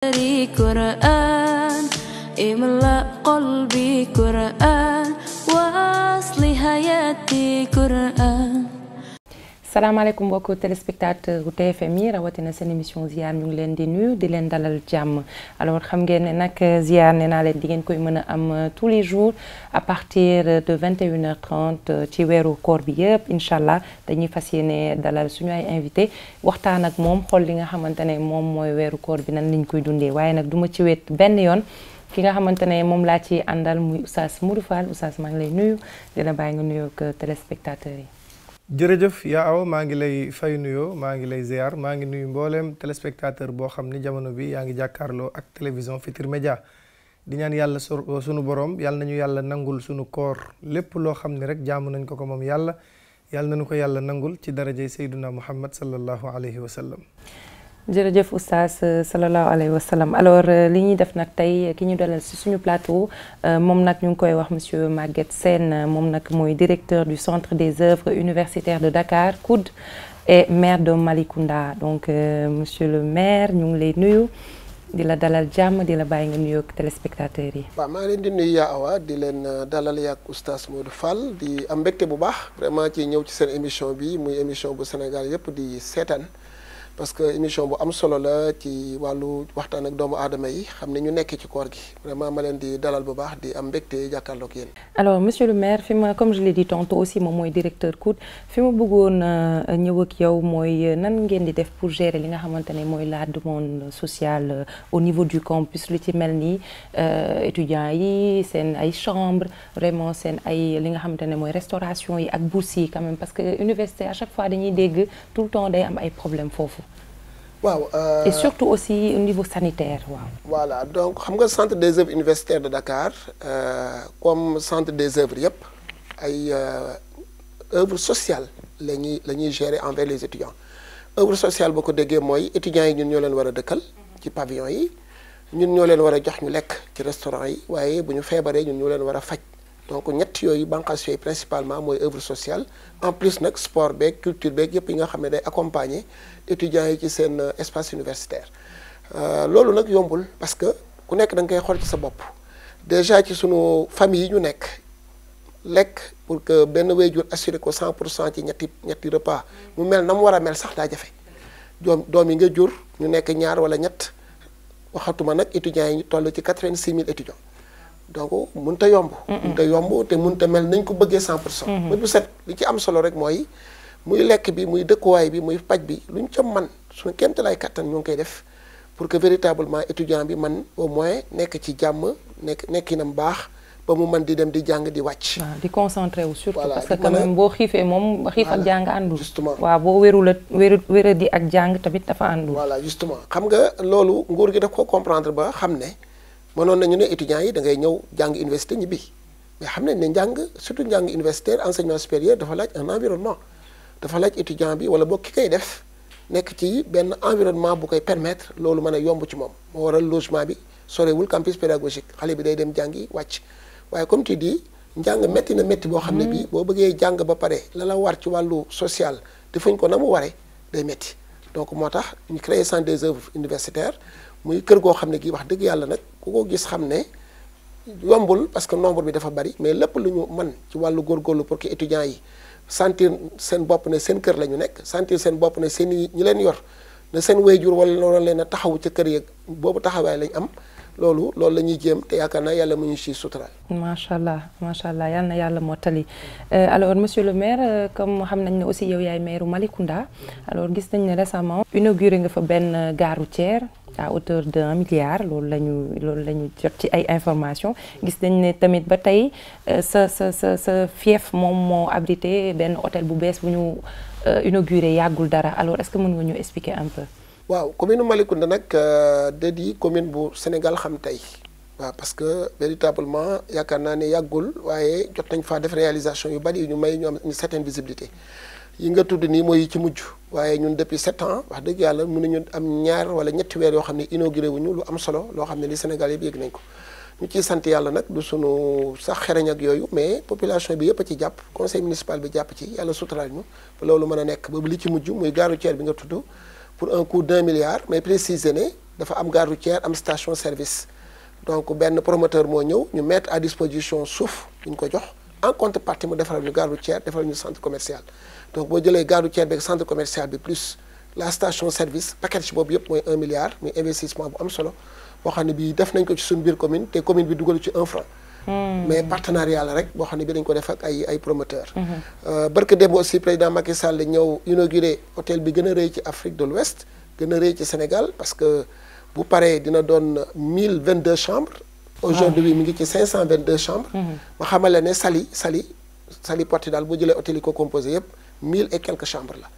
dari Quran Imla qalbi Quran Wasli hayati Quran salaamaaleykum mbokk téléspectateur u TFM yi rawatina seen émission ziar ñu ngi leen di nuyu di leen dalal jàmm alors xam ngeen ne nag ziar ne naa leen di ngeen koy mën a am tous les jours à partir de 21h30 ci weeru koor bi yëpp incha allah dañuy fas yéene dalal suñu ay invité waxtaan ak moom xool li nga xamante ne moom mooy weeru koor bi nan lañ koy dundee waaye nag duma ci wet benn yoon ki nga xamante ne moom laa ci àndal muy Oustaz Modou Fall Oustaz maa ngi lay nuyu di la bàyyi nga nuyoog téléspectateur yi. jërëjëf yaa aw maa ngi lay fay nuyoo maa ngi lay ziar maa ngi nuyu mbooleem téléspectateur boo xam ni jamono bi yaa ngi jàkkaarloo ak télévision Futurs Médias di ñaan yàlla su uh, sunu borom yàlla nañu yàlla nangul sunu koor lépp loo xam ne rek jaamu nañ ko ko moom yàlla yàlla nañu ko yàlla nangul ci darajay sayduna muhammad sallallahu alayhi wa sallam jërëjëf oustaz euh, salallahu alayhi wa sallam euh, li ñuy def nag tey ki ñu dalal si suñu plateau euh, moom nag ñu ngi koy wax monsieur Maguette seen moom nag muy directeur du centre des œuvres universitaires de Dakar COUD et maire de Malicounda donc monsieur le maire ñu ngi lay nuyu di la dalal jàmm di la bàyyi nga nuyoog téléspectateurs yi. waa maa leen di nuyu yaa awa di leen dalal yaag oustaz Modou Fall di am mbégte bu baax vraiment ci ñëw ci seen émission bi muy émission bu Sénégal yëpp di seetaan. parce que émission bu am solo la ci wàllu waxtaan ak doomu adama yi xam ne ñu nekk ci koor gi ma leen di dalal bu baax di am mbégte jàkkaarloog yéen. alors monsieur le maire fi ma comme je l'ai dit tantôt aussi moom mooy directeur COUD fi ma bëggoon euh, ñëw ak yow mooy euh, nan ngeen di def pour gérer li nga xamante ne mooy la demande social euh, au niveau du campus lu ci mel ni étudiants yi seen ay chambre vraiment seen ay li nga xamante mooy restauration yi ak bourse yi quand même que université à fois dañuy dégg tout le temps day am ay problème foofu. waaw euh... et surtout aussi au niveau sanitaire waaw. voilà donc xam nga centre des œuvres universitaires de Dakar euh, comme centre des œuvres yëpp ay euh, œuvre sociale la ñuy la ñuy gérer envers les étudiants œuvre sociale boo ko déggee mooy étudiants yi ñun ñoo leen war a dëkkal ci pavillon yi ñun ñoo leen war a jox ñu lekk ci restaurant yi waaye bu ñu feebaree ñun ñoo leen war a faj. donc ñett yooyu bànqaas yooyu principalement mooy œuvre sociale en plus nag sport beeg culture beeg yëpp yi nga xam ne day accompagner étudiants yi ci seen euh, espace universitaire euh, loolu nag yombul parce que ku nekk da koy xool ci sa bopp déjà ci sunu famille yi ñu nekk lekk pour que benn waajur assuré ko 100 pour cent ci ñetti ñetti repas mu mel na mu war a mel sax daa jafe doom doom yi nga jur ñu nekk ñaar wala ñett waxatuma nag étudiants yi ñu toll ci 86000 étudiants. donc mun a yomb. mënut a yomb te mënut a mel nañ ko bëggee 100 pour cent. Mm-hmm. ba bu set li ci am solo rek mooy muy lekk bi muy dëkkuwaay bi muy paj bi luñ ca man suñu kéem lay kattan ñu ngi koy def pour que véritablement étudiant bi man au moins nekk ci jàmm nekk nekkinam baax. ba mu mën di dem di jàng di wàcc. waaw ah, di concentré wu surtout. parce que quand boo xiifee moom xiif ak jàng àndul. justement waaw boo wérula wéru wéradi ak jàng tamit dafa àndul. voilà justement xam nga loolu nguur gi daf ko comprendre ba xam ne. mënoon nañu ne étudiants yi dangay ngay ñëw jàng université ñibbi mais xam ne ne njàng surtout njàng universitaire enseignement supérieur dafa laaj un environnement dafa laaj étudiant bi wala boo ki koy def nekk ci benn environnement bu koy permettre loolu man a yomb ci moom moo waral logement bi sorewul campus pédagogique xale bi day dem jàngi wàcc waaye comme tu dis njàng métti na métti boo xam ne bii mm. boo bëggee jàng ba pare la war ci wàllu social defuñ ko na mu waree day métti donc moo tax ñu créé centre des œuvres universitaires muy kër goo xam ne gii wax dëgg yàlla nag ku ko gis xam ne yombul parce que nombre bi dafa bari mais lépp lu ñu man ci wàllu góorgóorlu pour que étudiants yi sentir seen bopp ne seen kër la ñu nekk sentir seen bopp na seen i ñi leen yor ne seen wayjur wala loolu leen a taxaw ca kër yeeg boobu taxawaay lañ am loolu loolu la ñuy jéem te yaakaar naa yàlla mu ñu ci suturaal. macha allah macha allah yal na yàlla mottali tali euh, alors monsieur le maire euh, comme xam nañ ne aussi yow yaay maire Malicounda alors gis nañ ne récemment inauguré nga fa benn gare routière à hauteur de un milliard loolu la ñu loolu la ñu jot ci ay information gis nañ ne tamit ba tey euh, sa sa sa sa fief moom moo abrité benn hôtel bu bees bu ñu euh, inauguré yàggul dara alors est-ce que mën nga ñu expliquer un peu. waaw commune Malicounda nag euh, déet yi commune bu Sénégal xam tey waaw parce que véritablement yaakaar naa ne yàggul waaye jot nañ faa def réalisation yu bari yu ñu may ñu am une certaine visibilité. yi nga tudd nii mooy yi ci mujj waaye ñun depuis sept ans wax dëgg yàlla mën nañu am ñaar wala ñetti weer yoo xam ne inauguré wuñu lu am solo loo xam ne ni Sénégal yëpp yëg nañ ko ñu ciy sant yàlla nag du sunu sax xereñ ak yooyu mais population bi yëpp a ci jàpp conseil municipal bi jàpp ci yàlla suturaal ñu ba loolu mën a nekk ba li ci mujj muy gare routière bi nga tudd pour un coût d'un milliard mais préciser ne dafa am gare routière am station service donc benn promoteur moo ñëw ñu mettre à disposition suuf duñ ko jox en contrepartie mu defaral ñu gare routière defaral ñu centre commercial donc boo jëlee gare routière beeg centre commercial bi plus la station service package boobu yëpp mooy 1 milliard muy investissement bu am solo boo xam ne bii def nañ ko ci biir commune te commune bi dugalu ci 1 franc. Hmm. mais partenariat la rek boo xam ne bi dañ ko def ay ay promoteurs. Hmm. Euh, barke démb aussi président Sall ñëw inauguré hôtel bi gën a rëy ci Afrique de l'Ouest gën a rëy ci Sénégal parce que bu paree dina doon 1022 chambres. aujourd'hui ah. mi ngi ci 522 chambres. Hmm. ma xamal boo jëlee yëpp. mille et quelques chambres la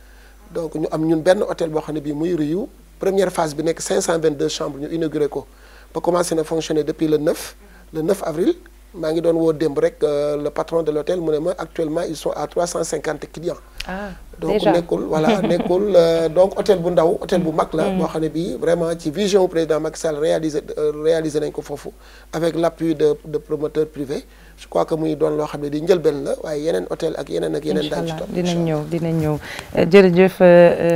donc ñu am ñun benn hôtel boo xam ne bii muy Riu première phase bi nekk 522 chambres ñu inauguré ko ba commencé na fonctionner depuis le 9 le 9 avril maa ngi doon woo démb rek euh, le patron de l'hôtel mu ne ma actuellement ils sont à 350 clients ah donc nekkul voilà nekkul euh, donc hôtel bu ndaw hôtel bu mag la. Mm. boo xam ne bii vraiment ci vision président Macky Sall réalisé euh, réalisé nañ ko foofu avec l' de de promoteurs je crois que muy doon loo xam ne di njëlbeen la waaye yeneen hôtel ak yeneen ak yeneen. daañu ci topp dinañ ñëw dinañ ñëw euh, jërëjëf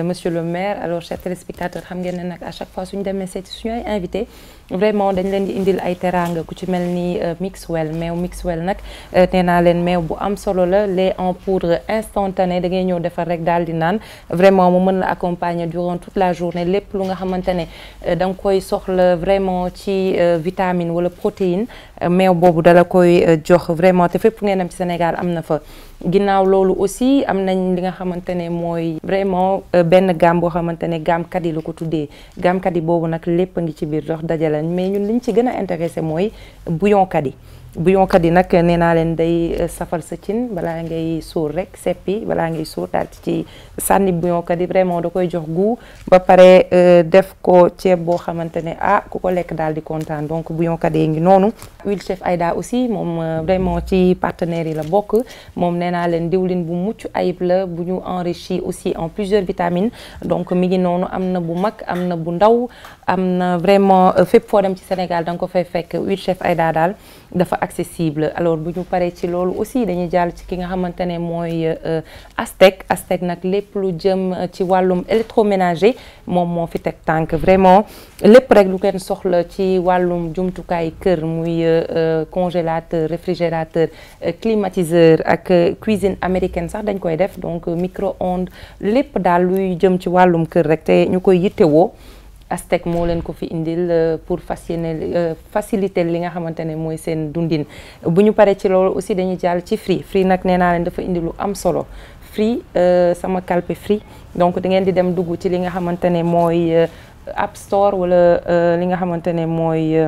monsieur le maire alors chers téléspectateurs xam ngeen ne nag à chaque fois suñu demee seeti suñu ay invité vraiment dañ leen di indil ay teraanga ku ci mel ni Mixwell meew Mixwell nag nee naa leen meew bu am solo la ngay ñëw defar rek daal di naan vraiment mu mën na accompagner durant toute la journée lépp lu nga xamante ne euh, da koy soxla vraiment ci euh, vitamine wala protéine euh, meew boobu dala koy jox vraiment te fépp ngeen am ci Sénégal am na fa ginnaaw loolu aussi am nañ li nga xamante ne mooy vraiment benn gaam boo xamante ne gaamkat yi la ko tuddee gaamkat yi boobu nag lépp a ngi ci biir dox dajale mais ñun ñu ci gën a intéressé mooy bouillonkat yi bouillonkat yi nag nee naa leen day eh, safal sa cin balaa ngay suur rek seppi balaa ngay suur daal ci sànni bouillonkat yi vraiment da koy jox gu ba pare eh, def ko ceeb boo xamante ne ah ku ko lekk daal di kontaan donc bouillonkat yi ngi noonu. huile chef Aïda aussi moom eh, vraiment ci partenaires yi la bokk moom nee naa leen diwlin bu mucc ayib la bu ñu enrichi aussi en plusieurs vitamines donc mi ngi noonu am na bu mag am na bu ndaw am na vraiment fépp foo dem ci Sénégal da ko fay fekk huile chef Aïda daal accessible alors bu ñu paree ci loolu aussi dañuy jàll ci ki nga xamante ne mooy euh, Astec Astec nag lépp lu jëm euh, ci wàllum électroménager moom moo fi teg tànk vraiment lépp rek lu kenn soxla ci wàllum jumtukaay kër muy euh, congélateur réfrigérateur climatiseur ak cuisine américaine sax dañ koy def donc micro-ondes lépp daal luy jëm ci wàllum kër rek te ñu koy yittewoo Astec moo leen ko fi indil euh, pour faciliter euh, faciliter li nga xamante ne mooy seen dundin bu ñu paree ci loolu aussi dañuy jàll ci Free Free nag nee naa leen dafa indi lu am solo Free euh, sama calpe Free donc da ngeen di dem dugg ci li nga xamante ne mooy App Store wala li nga xamante ne mooy.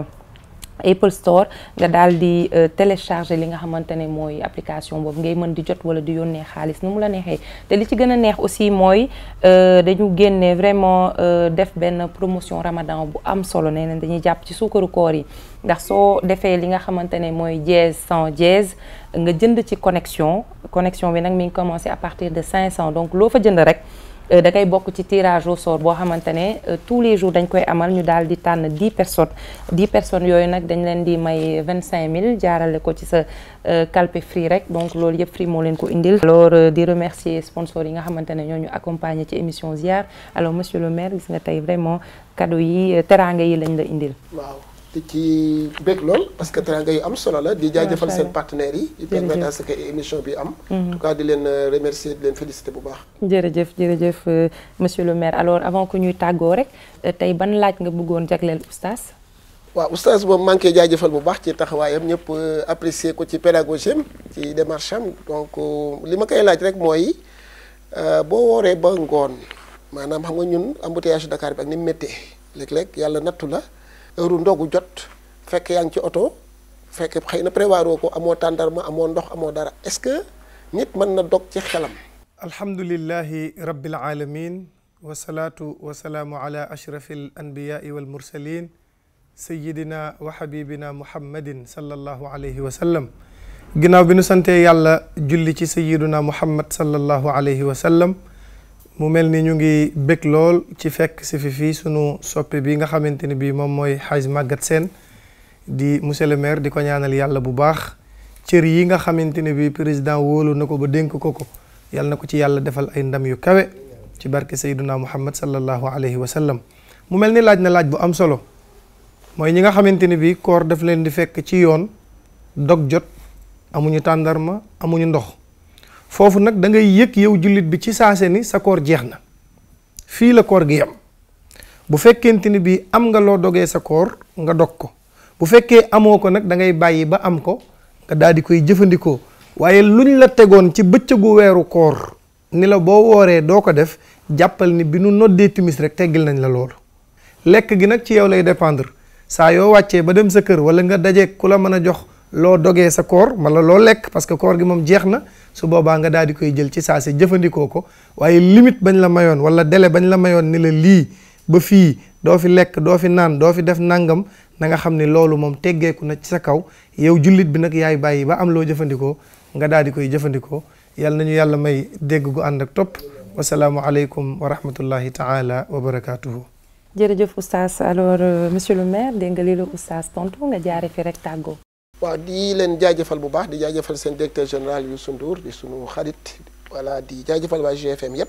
Apple Store nga daal di euh, télécharger li nga xamante ne mooy application boobu ngay mën di jot wala di yónnee xaalis nu mu la neexee te li ci gën a neex aussi mooy euh, dañu génne vraiment euh, def benn promotion Ramadan bu am solo nee nañ dañuy jàpp ci suukaru koor yi ndax soo defee li nga xamante ne mooy dièse sant dièse nga jënd ci connexion connexion bi nag mi ngi commencé à partir de 500 donc loo fa jënd rek. Euh, da ngay bokk ci tirage au sort boo xamante ne euh, tous les jours dañ koy amal ñu daal di tànn dix personnes dix personnes yooyu nag dañ leen di may vingt cinq mille jaarale ko ci sa euh, calpe free rek donc loolu yëpp free moo leen ko indil. alors di remercier sponsors yi nga xamante ne ñoo ñu accompagner ci émission ziar alors monsieur le maire gis nga tey vraiment cadeau yi teraanga yi lañ la indil. di ci bëgg lool parce que teranga yu am solo la di jaajëfal seen partenaires yi di permettre à ce que émission bi am mhm. en tout cas di leen euh, remercier di leen féliciter bu baax jërëjëf jërëjëf euh, monsieur le maire alors avant que ñuy tàggoo rek euh, tey ban laaj nga bëggoon jagleel oustaz waaw oustaz boobu maa ngi koy jaajëfal bu baax ci taxawaayam ñëpp apprécier ko ci pédagogie am ci démarche am donc li ma koy laaj rek mooy boo wooree ba ngoon maanaam xam nga ñun am embouteillage Dakar bi ak ni mu méttee léeg-léeg yàlla nattu la heure ndogu jot fekk yaa ngi ci oto fekk xëy na prévoir ko amoo tàndarma amoo ndox amoo dara est-ce que nit mën na dog ci xelam. alhamdulillahi rabbil alamin wasalaatu wasalaamu ala ashrafi al anbiyai wal mursalin sayidina wa habibina muhammadin sallallahu alayhi wa sallam ginnaaw bi nu santee yàlla julli ci sayiduna muhammad sallallahu alayhi wa sallam mu mel ni ñu ngi bëgg lool ci fekk si fi fii sunu soppe bi nga xamante ni bii moom mooy Hadj Maguette seen di monsieur le maire di ko ñaanal yàlla bu baax cër yi nga xamante ne bii président wóolu na ko ba dénk ko ko yàlla na ko ci yàlla defal ay ndam yu kawe ci barke Seydina Muhammad sallallahu alayhi wa sallam mu mel ni laaj na laaj bu am solo mooy ñi nga xamante ni bii koor daf leen di fekk ci yoon dog jot amuñu tàndarma amuñu ndox foofu nag da ngay yëg yow jullit bi ci saase ni sa koor jeex na fii la koor gi yem bu fekkente ni bii am nga loo dogee sa koor nga dog ko bu fekkee amoo ko nag da ngay bàyyi ba am ko nga daal di koy jëfandikoo waaye luñ la tegoon ci bëccëgu weeru koor ni la boo wooree doo ko def jàppal ni bi nu noddee timis rek teggil nañ la loolu lekk gi nag ci yow lay dépendre saa yoo wàccee ba dem sa kër wala nga dajeeg ku la mën a jox loo dogee sa koor wala loo lekk parce que koor gi moom jeex na su boobaa nga daal di koy jël ci saa si jëfandikoo ko waaye limite bañ la mayoon wala délai bañ la mayoon ni la lii ba fii doo fi lekk doo fi naan doo fi def nangam na nga xam ne loolu moom teggeeku na ci sa kaw yow jullit bi nag yaay bàyyi ba am loo jëfandikoo nga daal di koy jëfandikoo yàlla nañu yàlla may dégg gu ànd ak topp wasalaamu aleykum wa rahmatullahi taala wa barakaatuhu jërëjëf oustaz alors euh, monsieur le maire dégg nga lii la oustaz tontu nga waaw di leen jaajëfal bu baax di jaajëfal seen directeur général Youssou Ndour di suñu xarit voilà di jaajëfal waa GFM yëpp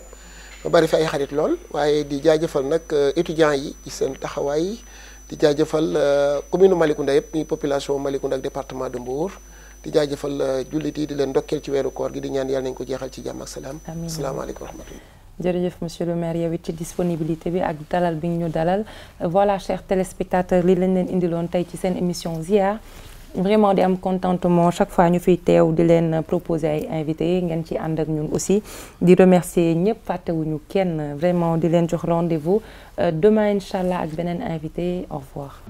ba bari fi ay xarit lool waaye di jaajëfal nag euh, étudiants yi seen taxawaay di jaajëfal euh, commune Malicounda yëpp muy population Malicounda ak département de Mbour di jaajëfal euh, jullit yi di leen ndokkeel ci weeru koor gi di ñaan yàlla nañ ko jeexal ci jàmm ak salaam. amiin salaamaaleykum wa rahmatullah. jërëjëf monsieur le maire yow it ci disponibilité bi ak dalal bi ñu dalal voilà chers téléspectateurs li lañ leen indiloon tey ci seen émission ziar. vraiment di am contentement chaque fois ñu fiy teew di leen proposer ay invités ngeen ci ànd ak ñun aussi di remercier ñëpp fàttewuñu kenn vraiment di leen jox rendez-vous euh, demain incha allah ak beneen invité au revoir.